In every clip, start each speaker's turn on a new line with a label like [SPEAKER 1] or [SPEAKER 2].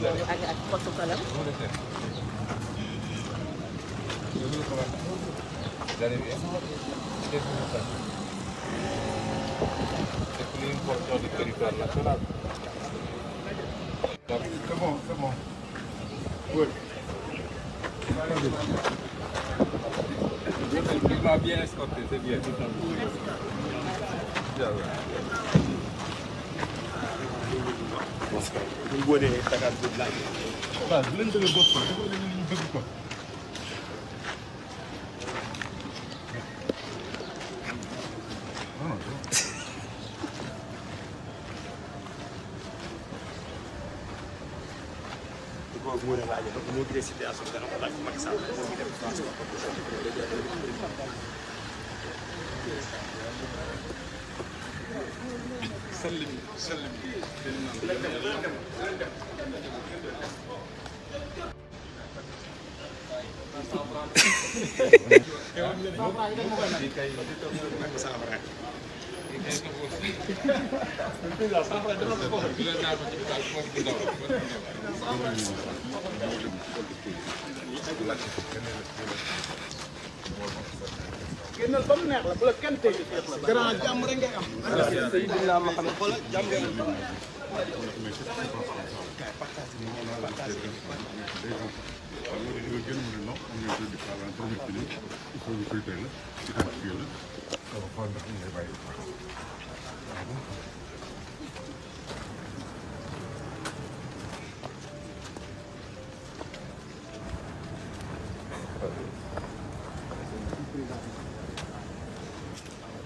[SPEAKER 1] ak ak potu kalam. C'est plus important du territoire national. C'est bon, c'est bon. Oui. Il m'a bien escorté, c'est bien. Merci buñ boolee Dakar boobu laaj waaw bu leen bëggee bopp quoi dafa leen ñu bëgg quoi moo ne laajee donc moo gisee situation bi dana ko laaj Macky sell bi sell bi génnal ba mu neex la bu la kenn tey grand jàmm rek ngay am. Seydina Muhammad xoolal jàmm ngay am.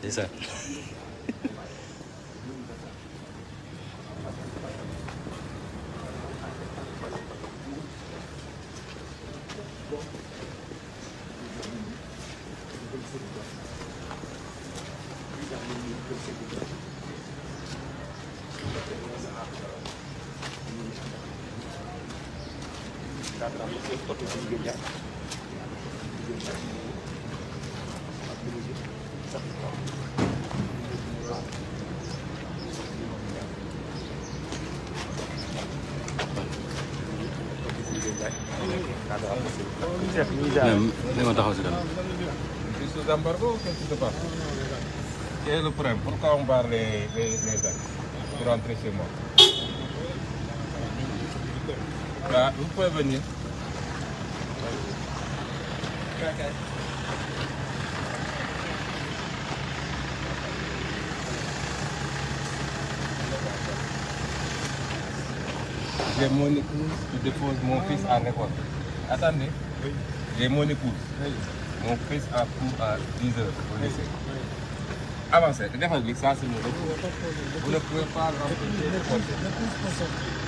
[SPEAKER 1] desa Gracias. li ma taxaw si kanam. sous embargo ou quelque chose de part Quel est le problème Pourquoi on barre les, les, les actes pour rentrer chez moi Là, Vous pouvez venir. J'ai mon épouse qui dépose mon fils à l'école. Attendez. Oui. J'ai mon épouse. Oui. Mon fils a cours à 10 heures au lycée. Oui. Avancez. Défendez, ça c'est mon épouse. Vous ne pouvez pas grand le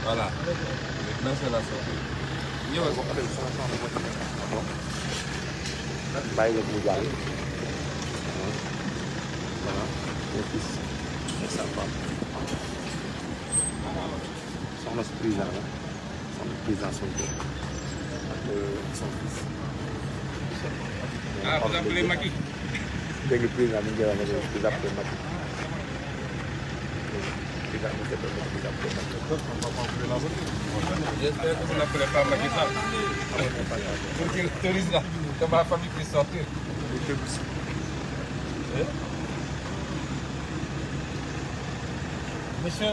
[SPEAKER 1] Voilà. Maintenant c'est la sortie. Il y a un de le bout Voilà. Mon fils. Et sa femme a si président la président on son ah vous appelez Macky. C'est président c'est vous appelez vous j'espère que vous n'appelez pas Sall. pour qu'il autorise là que famille puisse sortir. Hein? Monsieur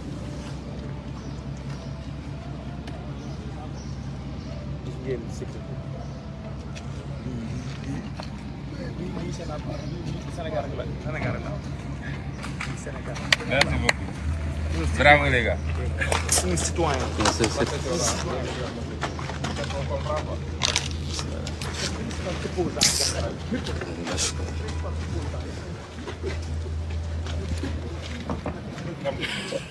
[SPEAKER 1] ngeen sécurité lii Sénégal Sénégal rek la Sénégal rek la Sénégal merci beaucoup bravo les gars un citoyen Thank you.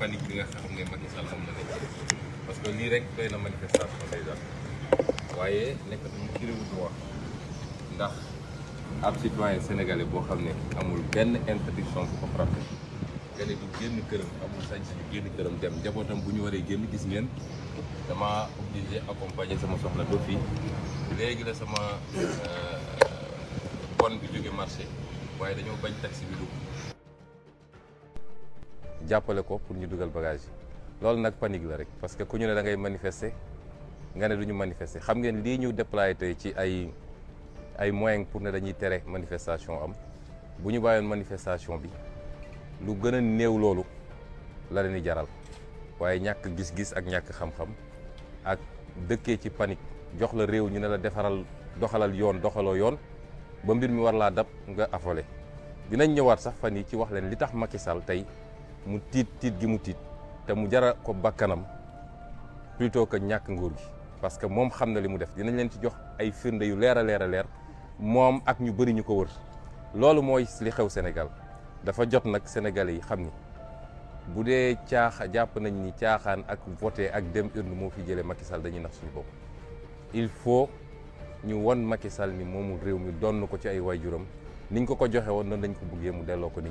[SPEAKER 1] panique bi nga xam ne Macky Sall am na ne parce que lii rek doy na manifestation déjà waaye nekkatum kiréwu droit ndax ab citoyen sénégalais boo xam ne amul benn interdiction bu ko frappé nga ne du génn këram amul sañ-sañ du génn këram dem njabootam bu ñu waree génn gis ngeen dama kan. obligé accompagner sama soxla ba fii léegi la sama eh, eh, bon bi jóge marché waaye dañoo bañ taxi bi dugg jàppale ko pour ñu dugal bagage yi loolu nag panique la rek parce que ku ñu ne dangay ngay nga ne du ñu manifester xam ngeen lii ñu déployé tey ci ay ay moyens pour ne dañuy tere manifestation am bu ñu bàyyoon manifestation bi lu gën a néew loolu la leen di jaral waaye ñàkk gis-gis ak ñàkk xam-xam ak dëkkee ci panique jox la réew ñu ne la defaral doxalal yoon doxaloo yoon ba mbir mi war laa dab nga affolé dinañ ñëwaat sax fan yi ci wax leen li tax Macky Sall tey mu tiit tiit gi mu tiit te mu jara ko bakkanam plutôt ko ñàkk nguur gi parce que moom xam na li mu def dinañ leen ci jox ay firnde yu leer a leer a leer moom ak ñu bëri ñu ko wër loolu mooy li xew Sénégal dafa jot nag sénégalais yi xam ni bu dee caaxa jàpp nañ ni caaxaan ak voté ak dem urne moo fi jëlee Macky Sall dañuy nax suñu bopp il faut ñu won Macky Sall ni moomu réew mi doon ko ci ay waajuram niñ ko ko joxe woon noonu lañ ko buggee mu delloo ko ni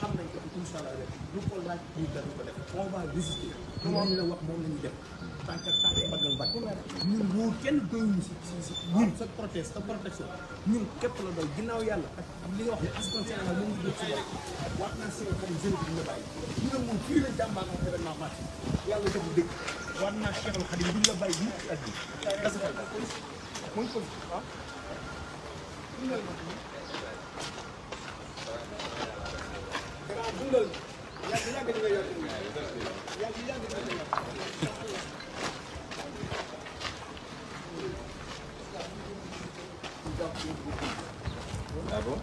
[SPEAKER 1] xam nañ ko incha allah rek lu ko laaj ñu dañu ko def on va moom la wax moom la ñu def. tànk ak tànk baggal bagg ñun wóor kenn doyuñu si si si ñun sa protest sa protection ñun képp la doy ginnaaw yàlla ak li wax ne askan Sénégal la jot si bopp wax naa seen comme zéro bi ñu la bàyyi ñu ne moom fii la jàmbaar yàlla dafa dëgg war naa Cheikhul Khadim duñ la bàyyi mukk ci at bi gasafal moom ko ah dundal yàgg yàgg li nga yor yàgg yàgg li nga yor Ah bon?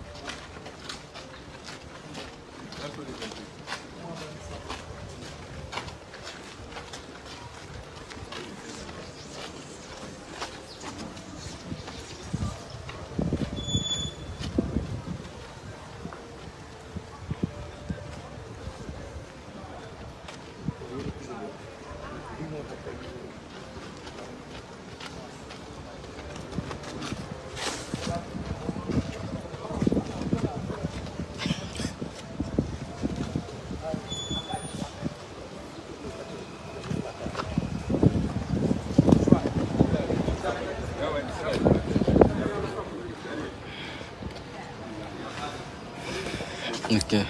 [SPEAKER 1] Kesinlikle.